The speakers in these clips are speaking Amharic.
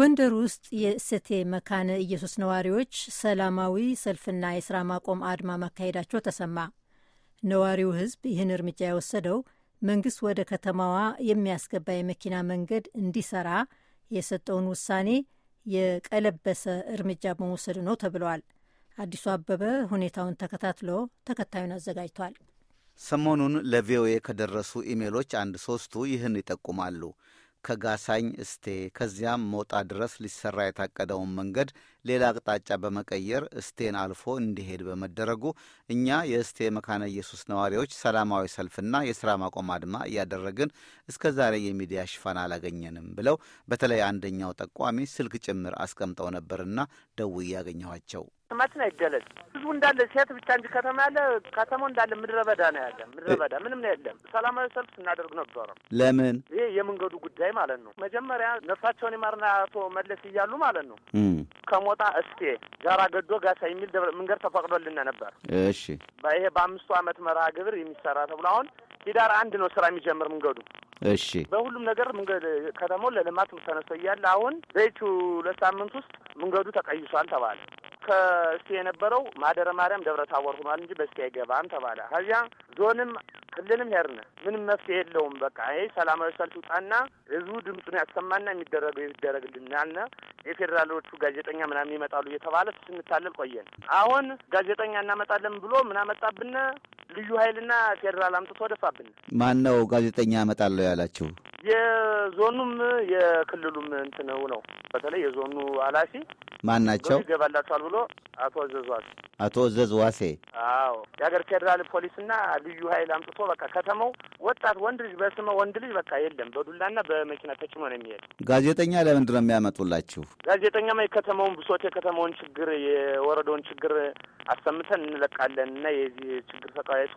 ጎንደር ውስጥ የእሴቴ መካነ ኢየሱስ ነዋሪዎች ሰላማዊ ሰልፍና የስራ ማቆም አድማ ማካሄዳቸው ተሰማ። ነዋሪው ህዝብ ይህን እርምጃ የወሰደው መንግስት ወደ ከተማዋ የሚያስገባ የመኪና መንገድ እንዲሰራ የሰጠውን ውሳኔ የቀለበሰ እርምጃ በመውሰድ ነው ተብለዋል። አዲሱ አበበ ሁኔታውን ተከታትሎ ተከታዩን አዘጋጅቷል። ሰሞኑን ለቪኦኤ ከደረሱ ኢሜሎች አንድ ሶስቱ ይህን ይጠቁማሉ። ከጋሳኝ እስቴ ከዚያም ሞጣ ድረስ ሊሰራ የታቀደውን መንገድ ሌላ አቅጣጫ በመቀየር እስቴን አልፎ እንዲሄድ በመደረጉ እኛ የእስቴ መካነ ኢየሱስ ነዋሪዎች ሰላማዊ ሰልፍና የሥራ ማቆም አድማ እያደረግን እስከ ዛሬ የሚዲያ ሽፋን አላገኘንም ብለው በተለይ አንደኛው ጠቋሚ ስልክ ጭምር አስቀምጠው ነበርና ደው ያገኘኋቸው ስማችን አይገለጽ። ህዝቡ እንዳለ ሴት ብቻ እንጂ ከተማ ያለ ከተማው እንዳለ ምድረ በዳ ነው ያለ። ምድረ በዳ ምንም ነው የለም። ሰላማዊ ሰልፍ ስናደርግ ነበረ። ለምን ይሄ የመንገዱ ጉዳይ ማለት ነው። መጀመሪያ ነፍሳቸውን ይማርና አቶ መለስ እያሉ ማለት ነው ከሞጣ እስቴ ጋራ ገዶ ጋሳ የሚል መንገድ ተፈቅዶልን ነበር። እሺ ይሄ በአምስቱ አመት መርሃ ግብር የሚሰራ ተብሎ አሁን ሂዳር አንድ ነው ስራ የሚጀምር መንገዱ። እሺ በሁሉም ነገር መንገድ ከተማው ለልማት ተነስቶ እያለ አሁን በይቹ ሁለት ሳምንት ውስጥ መንገዱ ተቀይሷል ተባለ። ከእሱ የነበረው ማደረ ማርያም ደብረ ታቦር ሆኗል እንጂ በስቲ አይገባም ተባለ። ከዚያ ዞንም ክልልም ሄርነ ምንም መፍትሄ የለውም። በቃ ይህ ሰላማዊ ሰልፍ ውጣና ህዝቡ ድምፁን ያሰማና የሚደረገው ይደረግልን ያልነ የፌዴራሎቹ ጋዜጠኛ ምናምን ይመጣሉ እየተባለ ስንታለል ቆየን። አሁን ጋዜጠኛ እናመጣለን ብሎ ምን አመጣብን? ልዩ ኃይልና ፌዴራል አምጥቶ ደፋብን። ማን ነው ጋዜጠኛ አመጣለሁ ያላችሁ? የዞኑም የክልሉም እንትነው ነው። በተለይ የዞኑ ኃላፊ ማን ናቸው? ይገባላቸዋል ብሎ አቶ እዘዝ ዋሴ አቶ እዘዝ ዋሴ። አዎ የሀገር ፌዴራል ፖሊስና ልዩ ኃይል አምጥቶ በቃ ከተማው ወጣት ወንድ ልጅ በስመ ወንድ ልጅ በቃ የለም በዱላና በመኪና ተጭኖ ነው የሚሄድ። ጋዜጠኛ ለምንድን ነው የሚያመጡላችሁ? ጋዜጠኛማ የከተማውን ብሶት፣ የከተማውን ችግር፣ የወረደውን ችግር አሰምተን እንለቃለን እና የዚህ ችግር ተቃይቶ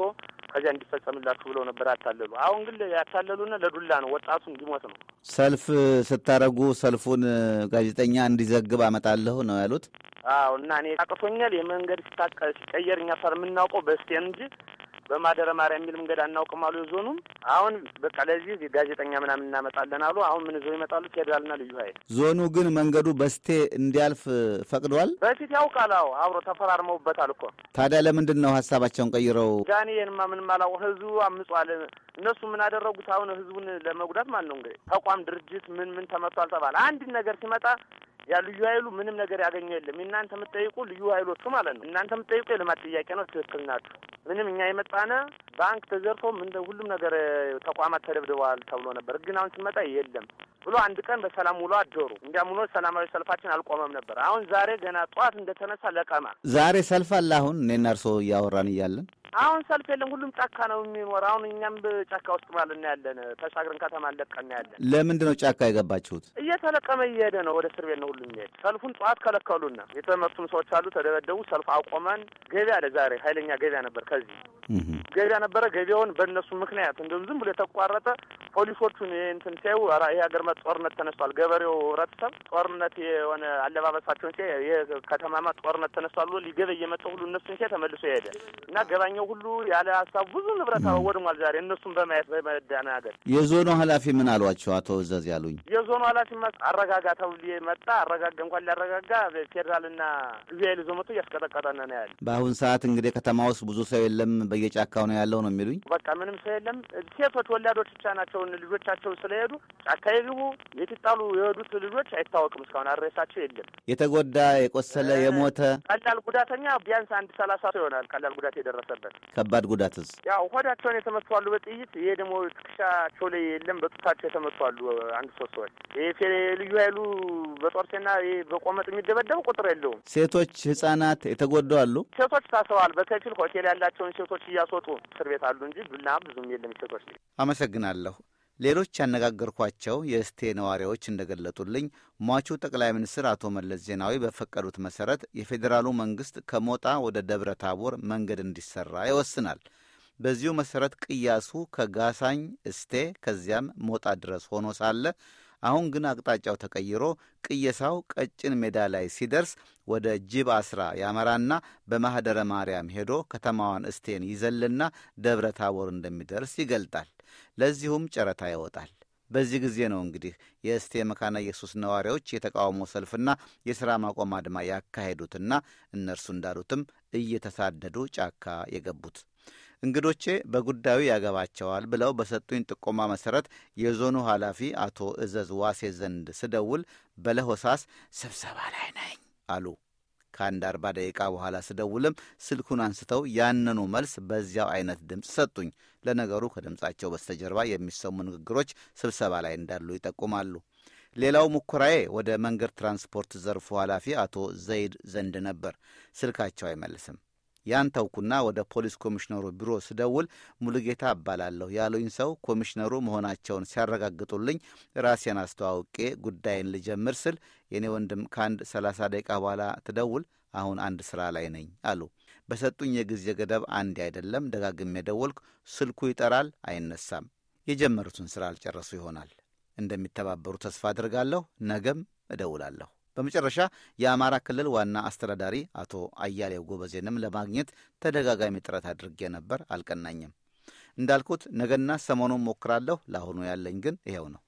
ከዚያ እንዲፈጸምላችሁ ብለው ነበር ያታለሉ። አሁን ግን ያታለሉና ለዱላ ነው፣ ወጣቱ እንዲሞት ነው። ሰልፍ ስታደርጉ ሰልፉን ጋዜጠኛ እንዲዘግብ አመጣለሁ ነው ያሉት። አዎ እና እኔ አቅቶኛል። የመንገድ ሲታቀ ሲቀየር እኛ ሳር የምናውቀው በስቴ እንጂ በማደረ ማርያም የሚል መንገድ አናውቅም አሉ። የዞኑም አሁን በቃ ለዚህ ጋዜጠኛ ምናምን እናመጣለን አሉ። አሁን ምን ይዘው ይመጣሉ? ፌዴራልና ልዩ ኃይል። ዞኑ ግን መንገዱ በስቴ እንዲያልፍ ፈቅዷል። በፊት ያውቃል። አዎ አብሮ ተፈራርመውበታል እኮ። ታዲያ ለምንድን ነው ሀሳባቸውን ቀይረው? ጋኔ ይህንማ ምንም አላውቅም። ህዝቡ አምጿል። እነሱ ምን አደረጉት? አሁን ህዝቡን ለመጉዳት ማለት ነው እንግዲህ ተቋም ድርጅት ምን ምን ተመቷል ተባለ። አንድ ነገር ሲመጣ ያ ልዩ ኃይሉ ምንም ነገር ያገኘ የለም። እናንተ የምትጠይቁ ልዩ ኃይሎቹ ማለት ነው። እናንተ የምትጠይቁ የልማት ጥያቄ ነው። ትክክል ናችሁ። ምንም እኛ የመጣነ ባንክ ተዘርፎ ምን ሁሉም ነገር ተቋማት ተደብድበዋል ተብሎ ነበር፣ ግን አሁን ስመጣ የለም ብሎ አንድ ቀን በሰላም ውሎ አደሩ። እንዲያም ሆኖ ሰላማዊ ሰልፋችን አልቆመም ነበር። አሁን ዛሬ ገና ጠዋት እንደተነሳ ለቀማ። ዛሬ ሰልፍ አለ። አሁን እኔና እርሶ እያወራን እያለን አሁን ሰልፍ የለም። ሁሉም ጫካ ነው የሚኖር። አሁን እኛም ጫካ ውስጥ ማለት ነው ያለን። ተሻግረን ከተማ ለቀን ያለን። ለምንድን ነው ጫካ የገባችሁት? እየተለቀመ እየሄደ ነው። ወደ እስር ቤት ነው ሁሉም የሚሄድ። ሰልፉን ጠዋት ከለከሉና የተመቱም ሰዎች አሉ፣ ተደበደቡ። ሰልፍ አቆመን። ገቢ አለ ዛሬ ኃይለኛ ገቢያ ነበር። ከዚህ ገቢያ ነበረ። ገቢያውን በእነሱ ምክንያት እንደውም ዝም ብሎ የተቋረጠ ፖሊሶቹን እንትን ሲያዩ ይሄ ሀገር ጦርነት ተነስቷል፣ ገበሬው ህብረተሰብ ጦርነት የሆነ አለባበሳቸውን ሲያ ይሄ ከተማማ ጦርነት ተነስቷል ብሎ ሊገበ የመጣው ሁሉ እነሱን ሲያ ተመልሶ ይሄደ እና ገባኛው ሁሉ ያለ ሀሳብ ብዙ ንብረት አወድሟል። ዛሬ እነሱን በማየት በመደናገር የዞኑ ኃላፊ ምን አሏቸው? አቶ እዘዝ ያሉኝ የዞኑ ኃላፊ አረጋጋ ተብሎ መጣ። አረጋጋ እንኳን ሊያረጋጋ ፌዴራልና ጊዜያዊ ይዞ መቶ እያስቀጠቀጠነ ነው ያለ። በአሁን ሰዓት እንግዲህ ከተማ ውስጥ ብዙ ሰው የለም፣ በየጫካው ነው ያለው ነው የሚሉኝ። በቃ ምንም ሰው የለም። ሴቶች ወላዶች ብቻ ናቸው ራሳቸውን ልጆቻቸውን ስለሄዱ ጫካ የግቡ የት ይጣሉ የሄዱት ልጆች አይታወቅም። እስካሁን አድሬሳቸው የለም። የተጎዳ የቆሰለ የሞተ ቀላል ጉዳተኛ ቢያንስ አንድ ሰላሳ ሰው ይሆናል። ቀላል ጉዳት የደረሰበት ከባድ ጉዳትስ ያው ሆዳቸውን የተመቷሉ በጥይት ይሄ ደግሞ ትከሻቸው ላይ የለም። በጡታቸው የተመቷሉ አንድ ሶስት ሰዎች። ልዩ ኃይሉ በጦርሴና በቆመጥ የሚደበደቡ ቁጥር የለውም። ሴቶች ህጻናት የተጎዱ አሉ። ሴቶች ታስረዋል። በከፊል ሆቴል ያላቸውን ሴቶች እያስወጡ እስር ቤት አሉ እንጂ ብና ብዙም የለም ሴቶች። አመሰግናለሁ። ሌሎች ያነጋገርኳቸው የእስቴ ነዋሪዎች እንደገለጡልኝ ሟቹ ጠቅላይ ሚኒስትር አቶ መለስ ዜናዊ በፈቀዱት መሰረት የፌዴራሉ መንግሥት ከሞጣ ወደ ደብረ ታቦር መንገድ እንዲሠራ ይወስናል። በዚሁ መሠረት ቅያሱ ከጋሳኝ እስቴ ከዚያም ሞጣ ድረስ ሆኖ ሳለ አሁን ግን አቅጣጫው ተቀይሮ ቅየሳው ቀጭን ሜዳ ላይ ሲደርስ ወደ ጅብ አስራ ያመራና በማኅደረ ማርያም ሄዶ ከተማዋን እስቴን ይዘልና ደብረ ታቦር እንደሚደርስ ይገልጣል። ለዚሁም ጨረታ ይወጣል። በዚህ ጊዜ ነው እንግዲህ የእስቴ መካነ ኢየሱስ ነዋሪዎች የተቃውሞ ሰልፍና የሥራ ማቆም አድማ ያካሄዱትና እነርሱ እንዳሉትም እየተሳደዱ ጫካ የገቡት። እንግዶቼ በጉዳዩ ያገባቸዋል ብለው በሰጡኝ ጥቆማ መሠረት የዞኑ ኃላፊ አቶ እዘዝ ዋሴ ዘንድ ስደውል በለሆሳስ ስብሰባ ላይ ነኝ አሉ። ከአንድ አርባ ደቂቃ በኋላ ስደውልም ስልኩን አንስተው ያንኑ መልስ በዚያው አይነት ድምፅ ሰጡኝ። ለነገሩ ከድምፃቸው በስተጀርባ የሚሰሙ ንግግሮች ስብሰባ ላይ እንዳሉ ይጠቁማሉ። ሌላው ሙከራዬ ወደ መንገድ ትራንስፖርት ዘርፉ ኃላፊ አቶ ዘይድ ዘንድ ነበር። ስልካቸው አይመልስም። ያን ተውኩና ወደ ፖሊስ ኮሚሽነሩ ቢሮ ስደውል ሙሉጌታ እባላለሁ ያሉኝ ሰው ኮሚሽነሩ መሆናቸውን ሲያረጋግጡልኝ ራሴን አስተዋውቄ ጉዳይን ልጀምር ስል የእኔ ወንድም ከአንድ ሰላሳ ደቂቃ በኋላ ትደውል፣ አሁን አንድ ስራ ላይ ነኝ አሉ። በሰጡኝ የጊዜ ገደብ አንድ አይደለም ደጋግሜ የደወልኩ፣ ስልኩ ይጠራል፣ አይነሳም። የጀመሩትን ስራ አልጨረሱ ይሆናል። እንደሚተባበሩ ተስፋ አድርጋለሁ። ነገም እደውላለሁ። በመጨረሻ የአማራ ክልል ዋና አስተዳዳሪ አቶ አያሌው ጎበዜንም ለማግኘት ተደጋጋሚ ጥረት አድርጌ ነበር፣ አልቀናኝም። እንዳልኩት ነገና ሰሞኑን ሞክራለሁ። ለአሁኑ ያለኝ ግን ይኸው ነው።